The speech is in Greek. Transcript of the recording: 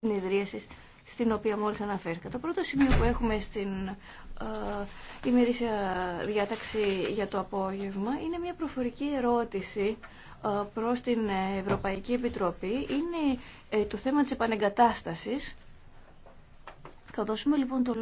συνειδρίασης στην οποία μόλις αναφέρθηκα. Το πρώτο σημείο που έχουμε στην ε, ημερήσια διάταξη για το απόγευμα είναι μια προφορική ερώτηση ε, προς την Ευρωπαϊκή Επιτροπή. Είναι ε, το θέμα της επανεγκατάστασης. Θα δώσουμε λοιπόν το